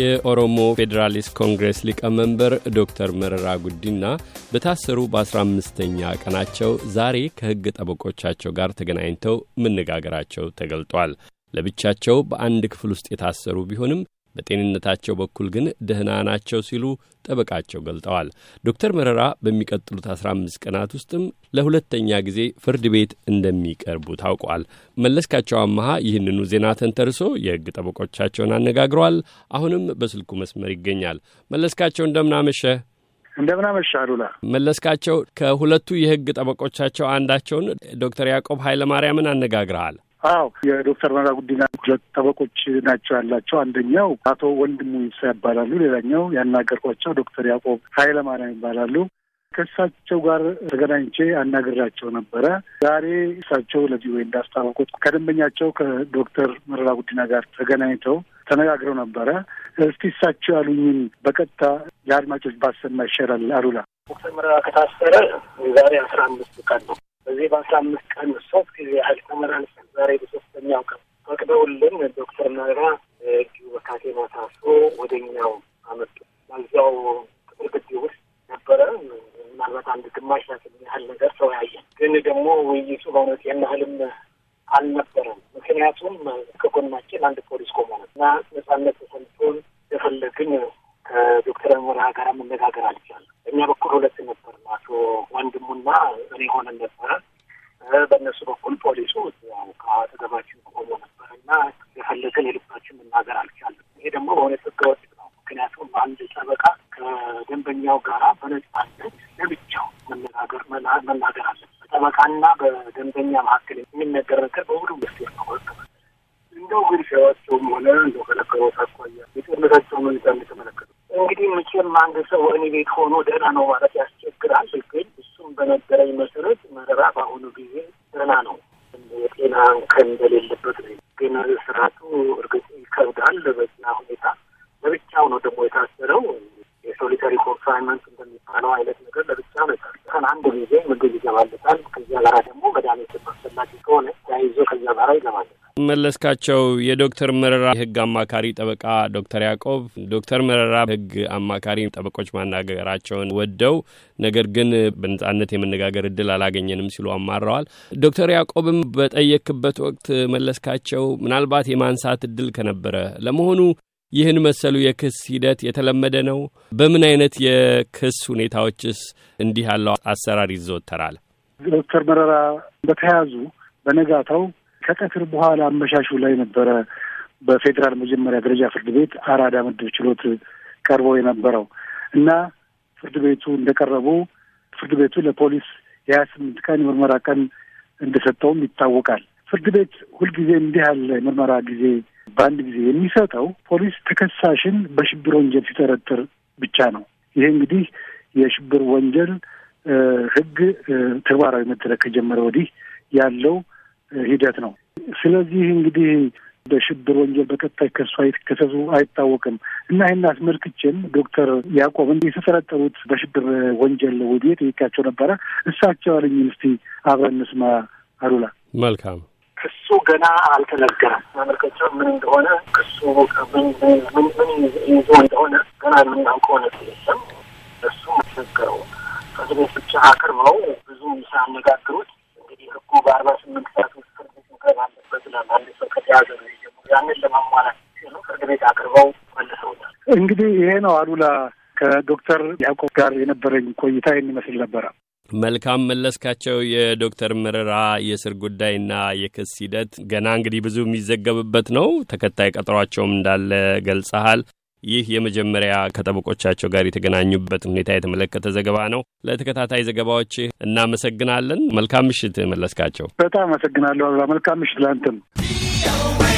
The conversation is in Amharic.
የኦሮሞ ፌዴራሊስት ኮንግሬስ ሊቀመንበር ዶክተር መረራ ጉዲና በታሰሩ በ15ኛ ቀናቸው ዛሬ ከሕግ ጠበቆቻቸው ጋር ተገናኝተው መነጋገራቸው ተገልጧል። ለብቻቸው በአንድ ክፍል ውስጥ የታሰሩ ቢሆንም በጤንነታቸው በኩል ግን ደህና ናቸው ሲሉ ጠበቃቸው ገልጠዋል። ዶክተር መረራ በሚቀጥሉት 15 ቀናት ውስጥም ለሁለተኛ ጊዜ ፍርድ ቤት እንደሚቀርቡ ታውቋል። መለስካቸው አመሃ ይህንኑ ዜና ተንተርሶ የሕግ ጠበቆቻቸውን አነጋግረዋል። አሁንም በስልኩ መስመር ይገኛል። መለስካቸው እንደምናመሸ እንደምናመሻ አሉላ መለስካቸው፣ ከሁለቱ የህግ ጠበቆቻቸው አንዳቸውን ዶክተር ያዕቆብ ኃይለማርያምን አነጋግረሃል። አዎ የዶክተር መራ ጉዲና ሁለት ጠበቆች ናቸው ያላቸው። አንደኛው አቶ ወንድሙ ይሳ ይባላሉ። ሌላኛው ያናገርኳቸው ዶክተር ያዕቆብ ኃይለማርያም ይባላሉ። ከእሳቸው ጋር ተገናኝቼ አናገራቸው ነበረ። ዛሬ እሳቸው ለዚህ ወይ እንዳስታወቁት ከደንበኛቸው ከዶክተር መረራ ጉዲና ጋር ተገናኝተው ተነጋግረው ነበረ። እስቲ እሳቸው ያሉኝን በቀጥታ የአድማጮች ባሰማ ይሻላል። አሉላ ዶክተር መረራ ከታሰረ ዛሬ አስራ አምስት ቀን ነው ጊዜ በአስራ አምስት ቀን ሶስት ጊዜ ያህል ተመራን። ዛሬ በሶስተኛው ቀን ፈቅደውልን ዶክተር መራ እጁ በካቴ ታስሮ ወደኛው አመጡ። በዚያው ቅጥር ግቢ ውስጥ ነበረ። ምናልባት አንድ ግማሽ ያክል ያህል ነገር ሰው ያየ፣ ግን ደግሞ ውይይቱ በእውነት የናህልም አልነበረም። ምክንያቱም ከጎናችን አንድ ፖሊስ ቆሞ ነው እና ነጻነት ተሰምቶን የፈለግን ከዶክተር መራ ጋር መነጋገር አልቻለም። እኛ በኩል ሁለት ነበር አቶ ወንድሙና ችግር የሆነ ነበረ። በእነሱ በኩል ፖሊሱ ያው ከአጠገባችን ቆሞ ነበር እና የፈለገ የልባችን መናገር አልቻለም። ይሄ ደግሞ በእውነት ህገወጥ ነው። ምክንያቱም አንድ ጠበቃ ከደንበኛው ጋራ በነጻነት ለብቻው መነጋገር መናገር አለ በጠበቃና በደንበኛ መካከል የሚነገር ነገር በሁሉ ምስጢር ነው። እንደው ግን ሲያዋቸውም ሆነ እንደው ከነገሮት አኳያ የጦርነታቸው መኔታ የተመለከቱ እንግዲህ መቼም አንድ ሰው እኔ ቤት ሆኖ ደህና ነው ማለት ያስቸግራል ግን በነበረኝ መሰረት ምዕራብ በአሁኑ ጊዜ ደህና ነው። የጤና እንከን እንደሌለበት ነው። ግን ስርዓቱ እርግጥ ይከብዳል። በጤና ሁኔታ ለብቻው ነው ደግሞ የታሰረው። የሶሊተሪ ኮንፋይንመንት እንደሚባለው አይነት ነገር ለብቻ ነው የታሰረው። ቀን አንድ ጊዜ ምግብ ይገባለታል። ከዚያ በኋላ ደግሞ መድኃኒት አስፈላጊ ከሆነ ተያይዞ ከዚያ በኋላ ይገባል። መለስካቸው የዶክተር መረራ የህግ አማካሪ ጠበቃ ዶክተር ያዕቆብ ዶክተር መረራ ህግ አማካሪ ጠበቆች ማናገራቸውን ወደው ነገር ግን በነጻነት የመነጋገር እድል አላገኘንም ሲሉ አማረዋል። ዶክተር ያዕቆብም በጠየክበት ወቅት መለስካቸው ምናልባት የማንሳት እድል ከነበረ ለመሆኑ ይህን መሰሉ የክስ ሂደት የተለመደ ነው? በምን አይነት የክስ ሁኔታዎችስ እንዲህ ያለው አሰራር ይዘወተራል? ዶክተር መረራ በተያዙ በነጋታው ከቀትር በኋላ አመሻሹ ላይ ነበረ በፌዴራል መጀመሪያ ደረጃ ፍርድ ቤት አራዳ ምድብ ችሎት ቀርበው የነበረው እና ፍርድ ቤቱ እንደቀረቡ ፍርድ ቤቱ ለፖሊስ የሀያ ስምንት ቀን የምርመራ ቀን እንደሰጠውም ይታወቃል። ፍርድ ቤት ሁልጊዜ እንዲህ ያለ የምርመራ ጊዜ በአንድ ጊዜ የሚሰጠው ፖሊስ ተከሳሽን በሽብር ወንጀል ሲጠረጥር ብቻ ነው። ይሄ እንግዲህ የሽብር ወንጀል ሕግ ተግባራዊ መደረግ ከጀመረ ወዲህ ያለው ሂደት ነው። ስለዚህ እንግዲህ በሽብር ወንጀል በቀጣይ ይከሱ አይከሰሱ አይታወቅም እና ይህን አስመልክቼም ዶክተር ያዕቆብ እንዲህ የተጠረጠሩት በሽብር ወንጀል ወዲህ ጠይቄያቸው ነበረ። እሳቸው አለኝ እስቲ አብረን እንስማ አሉላ። መልካም ክሱ ገና አልተነገረም። ተመልከቸው ምን እንደሆነ ክሱ ምን ምን ይዞ እንደሆነ ገና የምናውቀው ነገር የለም። እሱ ተነገረው ፍርድ ቤት ብቻ አቅርበው ብዙ ሳያነጋግሩት ህጉ በአርባ ስምንት ሰዓት ውስጥ ፍርድ ቤት መቅረብ አለበት ይላል። አንድ ሰው ከተያዘ ነው የጀምሩ ያንን ለማሟላት ሲሉ ፍርድ ቤት አቅርበው መልሰውታል። እንግዲህ ይሄ ነው አሉላ። ከዶክተር ያዕቆብ ጋር የነበረኝ ቆይታ የሚመስል ነበረ። መልካም መለስካቸው፣ የዶክተር መረራ የእስር ጉዳይና የክስ ሂደት ገና እንግዲህ ብዙ የሚዘገብበት ነው። ተከታይ ቀጠሯቸውም እንዳለ ገልጸሃል። ይህ የመጀመሪያ ከጠበቆቻቸው ጋር የተገናኙበት ሁኔታ የተመለከተ ዘገባ ነው። ለተከታታይ ዘገባዎች እናመሰግናለን። መልካም ምሽት መለስካቸው። በጣም አመሰግናለሁ አበባ። መልካም ምሽት ላንተም።